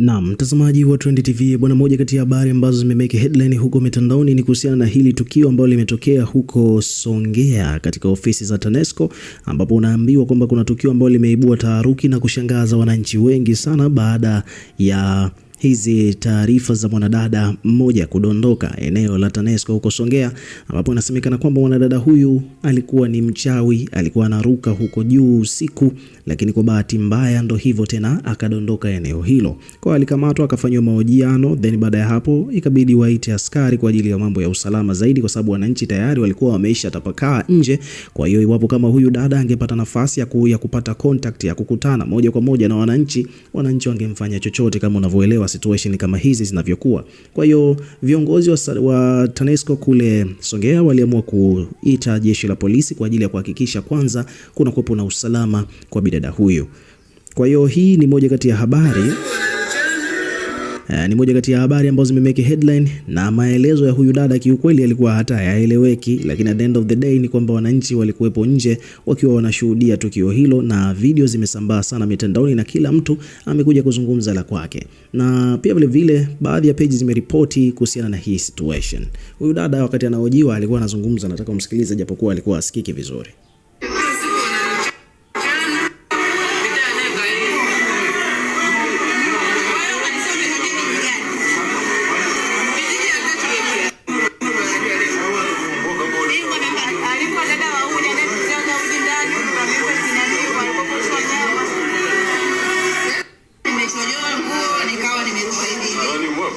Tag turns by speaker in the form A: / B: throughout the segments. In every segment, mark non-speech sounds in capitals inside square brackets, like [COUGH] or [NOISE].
A: Na mtazamaji wa Trend TV bwana, moja kati ya habari ambazo zimemeke headline huko mitandaoni ni kuhusiana na hili tukio ambalo limetokea huko Songea katika ofisi za TANESCO, ambapo unaambiwa kwamba kuna tukio ambalo limeibua taharuki na kushangaza wananchi wengi sana baada ya hizi taarifa za mwanadada mmoja kudondoka eneo la TANESCO huko Songea, ambapo inasemekana kwamba mwanadada huyu alikuwa ni mchawi, alikuwa anaruka huko juu usiku, lakini kwa bahati mbaya ndo hivyo tena akadondoka eneo hilo. Kwa alikamatwa akafanywa mahojiano, then baada ya hapo ikabidi waite askari kwa ajili ya mambo ya usalama zaidi, kwa sababu wananchi tayari walikuwa wameisha tapakaa nje. Kwa hiyo iwapo kama huyu dada angepata nafasi ya, ku, ya kupata contact ya kukutana moja kwa moja na wananchi, wananchi wangemfanya chochote kama unavyoelewa situation kama hizi zinavyokuwa. Kwa hiyo viongozi wa, wa TANESCO kule Songea waliamua kuita jeshi la polisi kwa ajili ya kuhakikisha kwanza kuna kuwepo na usalama kwa bidada huyu. Kwa hiyo hii ni moja kati ya habari Uh, ni moja kati ya habari ambazo zimemeke headline na maelezo ya huyu dada kiukweli yalikuwa hata hayaeleweki, lakini at the end of the day ni kwamba wananchi walikuwepo nje wakiwa wanashuhudia tukio hilo, na video zimesambaa sana mitandaoni na kila mtu amekuja kuzungumza la kwake, na pia vile vile baadhi ya page zimeripoti kuhusiana na hii situation. Huyu dada wakati anaojiwa alikuwa anazungumza, nataka umsikilize, japokuwa alikuwa asikiki vizuri.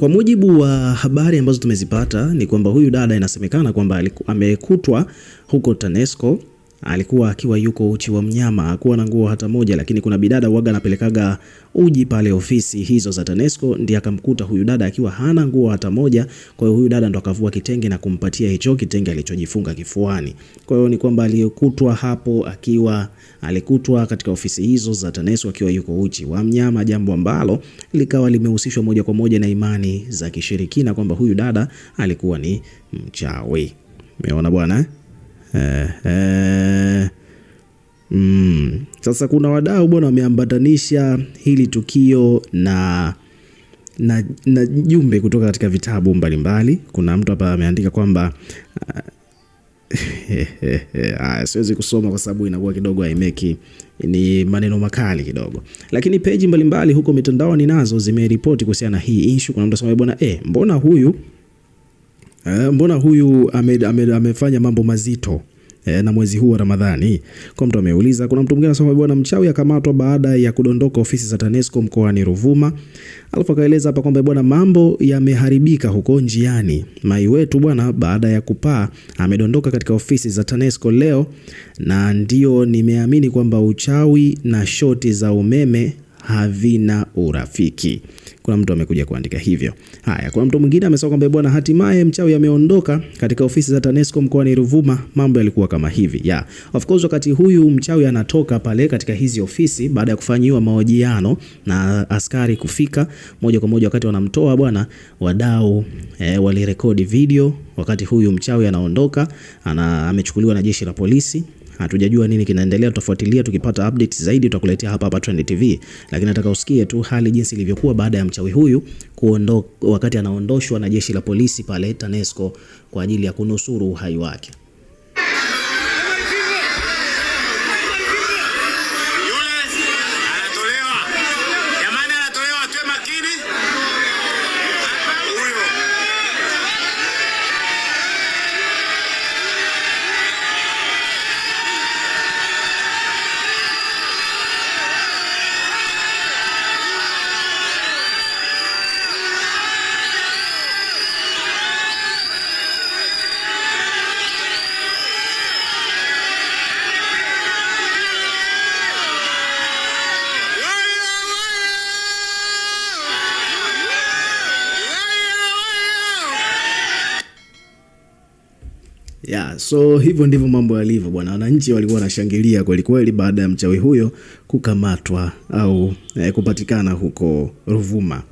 A: Kwa mujibu wa habari ambazo tumezipata ni kwamba huyu dada inasemekana kwamba amekutwa huko TANESCO alikuwa akiwa yuko uchi wa mnyama, hakuwa na nguo hata moja, lakini kuna bidada waga anapelekaga uji pale ofisi hizo za TANESCO, ndiye akamkuta huyu dada akiwa hana nguo hata moja. Kwa hiyo huyu dada ndo akavua kitenge na kumpatia hicho kitenge alichojifunga kifuani. Kwa hiyo ni kwamba alikutwa hapo akiwa alikutwa katika ofisi hizo za TANESCO akiwa yuko uchi wa mnyama, jambo ambalo likawa limehusishwa moja kwa moja na imani za kishirikina kwamba huyu dada alikuwa ni mchawi. Umeona bwana? Eh, eh. Mm. Sasa kuna wadau bwana wameambatanisha hili tukio na, na, na jumbe kutoka katika vitabu mbalimbali mbali. Kuna mtu hapa ameandika kwamba eh, [LAUGHS] eh, siwezi kusoma kwa sababu inakuwa kidogo haimeki, ni maneno makali kidogo, lakini peji mbalimbali huko mitandaoni nazo zimeripoti kuhusiana na hii issue. Kuna mtu asema bwana eh, mbona huyu eh, mbona huyu ame, ame, amefanya mambo mazito eh, na mwezi huu wa Ramadhani? Kwa mtu ameuliza. Kuna mtu mwingine anasema bwana, mchawi akamatwa baada ya kudondoka ofisi za TANESCO mkoani Ruvuma, alafu akaeleza hapa kwamba bwana, mambo yameharibika huko njiani. Mai wetu bwana, baada ya kupaa amedondoka katika ofisi za TANESCO leo, na ndio nimeamini kwamba uchawi na shoti za umeme havina urafiki. Kuna mtu amekuja kuandika hivyo. Haya, kuna mtu mwingine amesema kwamba bwana, hatimaye mchawi ameondoka katika ofisi za TANESCO mkoani Ruvuma. Mambo yalikuwa kama hivi. Yeah. Of course wakati huyu mchawi anatoka pale katika hizi ofisi baada ya kufanyiwa mahojiano na askari kufika moja kwa moja, wakati wanamtoa bwana, wadau eh, walirekodi video wakati huyu mchawi anaondoka ana, amechukuliwa na jeshi la polisi hatujajua nini kinaendelea, tutafuatilia. Tukipata updates zaidi tutakuletea hapa hapa Trend TV, lakini nataka usikie tu hali jinsi ilivyokuwa baada ya mchawi huyu kuondoka, wakati anaondoshwa na jeshi la polisi pale TANESCO kwa ajili ya kunusuru uhai wake. Yeah, so hivyo ndivyo mambo yalivyo bwana. Wananchi walikuwa wanashangilia kweli kweli baada ya mchawi huyo kukamatwa au eh, kupatikana huko Ruvuma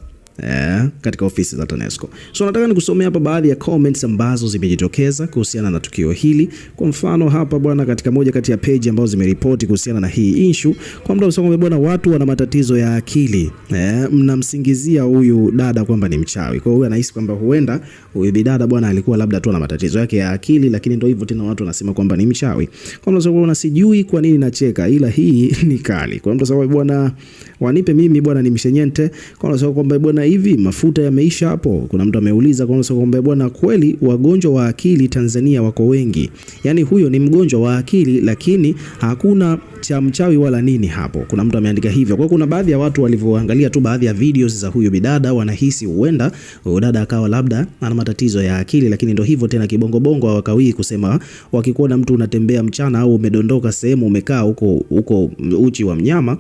A: eh, katika ofisi za TANESCO. So nataka nikusomea hapa baadhi ya comments ambazo zimejitokeza kuhusiana na tukio hili. Kwa mfano hapa bwana, katika moja kati ya page ambazo zimeripoti kuhusiana na hii issue, kwa mda usema bwana, watu wana matatizo ya akili eh, mnamsingizia huyu dada kwamba ni mchawi. Kwa hiyo anahisi kwamba huenda huyu bidada bwana alikuwa labda tu ana matatizo yake ya akili, lakini ndio hivyo tena, watu wanasema kwamba ni mchawi. Kwa mda usema bwana, sijui kwa nini nacheka, ila hii [LAUGHS] ni kali. Kwa mda usema bwana, wanipe mimi bwana ni mshenyente. Kwa mda usema kwamba bwana hivi mafuta yameisha hapo? Kuna mtu ameuliza kwamba bwana, kweli wagonjwa wa akili Tanzania wako wengi. Yaani huyo ni mgonjwa wa akili, lakini hakuna cha mchawi wala nini hapo. Kuna mtu ameandika hivyo. Kwa kuna baadhi ya watu walivyoangalia tu baadhi ya videos za huyo bidada, wanahisi huenda dada akawa labda ana matatizo ya akili, lakini ndo hivyo tena, bongo hawakawii kusema. Wakikuona mtu unatembea mchana au umedondoka sehemu umekaa huko huko uchi wa mnyama,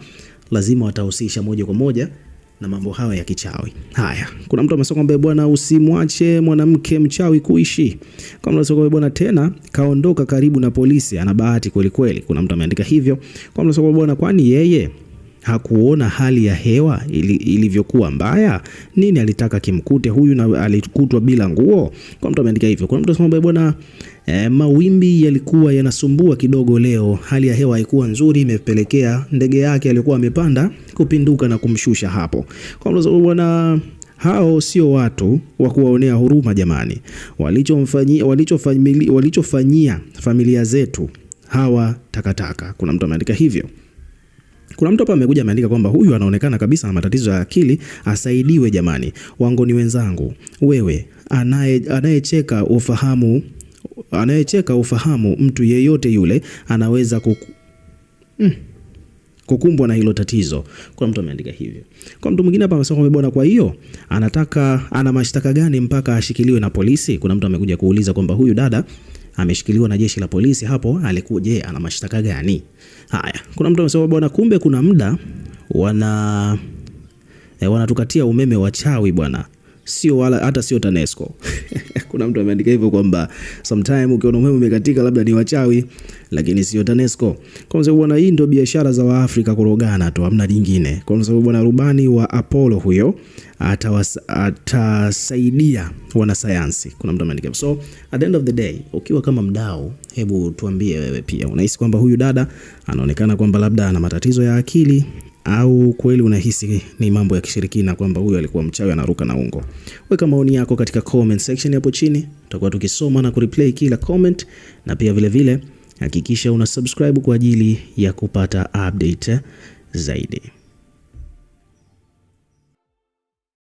A: lazima watahusisha moja kwa moja na mambo hayo ya kichawi. Haya, kuna mtu amesema kwamba eh, bwana, usimwache mwanamke mchawi kuishi. Kuna mtu amesema eh, bwana, tena kaondoka karibu na polisi, ana bahati kweli kweli. Kuna mtu ameandika hivyo. Kuna mtu amesema bwana, kwani yeye hakuona hali ya hewa ili, ilivyokuwa mbaya? Nini alitaka kimkute huyu na alikutwa bila nguo? Kwa mtu ameandika hivyo. Kuna mtu anasema bwana e, mawimbi yalikuwa yanasumbua kidogo leo, hali ya hewa haikuwa nzuri, imepelekea ndege yake aliyokuwa amepanda kupinduka na kumshusha hapo. Kwa mtu bwana hao sio watu wa kuwaonea huruma jamani, walichofanyia walichofanyia familia zetu hawa takataka. Kuna mtu ameandika hivyo. Kuna mtu hapa amekuja ameandika kwamba huyu anaonekana kabisa na matatizo ya akili, asaidiwe jamani. Wangoni wenzangu, wewe anayecheka ufahamu, anayecheka ufahamu, mtu yeyote yule anaweza kuku... mm kukumbwa na hilo tatizo. Kuna mtu ameandika hivyo. Kwa mtu mwingine hapa amesema bwana, kwa hiyo anataka ana mashtaka gani mpaka ashikiliwe na polisi? Kuna mtu amekuja kuuliza kwamba huyu dada ameshikiliwa na jeshi la polisi hapo, alikuje ana mashtaka gani? Haya, kuna mtu amesema bwana, kumbe kuna muda wana e, wanatukatia umeme wachawi bwana sio wala hata sio TANESCO. [LAUGHS] Kuna mtu ameandika hivyo kwamba sometime ukiona umeme umekatika labda ni wachawi, lakini sio TANESCO. Kwa sababu bwana, hii ndio biashara za Waafrika kurogana tu, hamna lingine. Kwa sababu bwana, rubani wa Apollo huyo atasaidia wanasayansi. Kuna mtu ameandika so, at the end of the day, ukiwa kama mdau, hebu tuambie wewe pia unahisi kwamba huyu dada anaonekana kwamba labda ana matatizo ya akili au kweli unahisi ni mambo ya kishirikina kwamba huyo alikuwa mchawi anaruka na ungo? Weka maoni yako katika comment section hapo chini, tutakuwa tukisoma na kureplay kila comment, na pia vilevile hakikisha vile, una subscribe kwa ajili ya kupata update zaidi.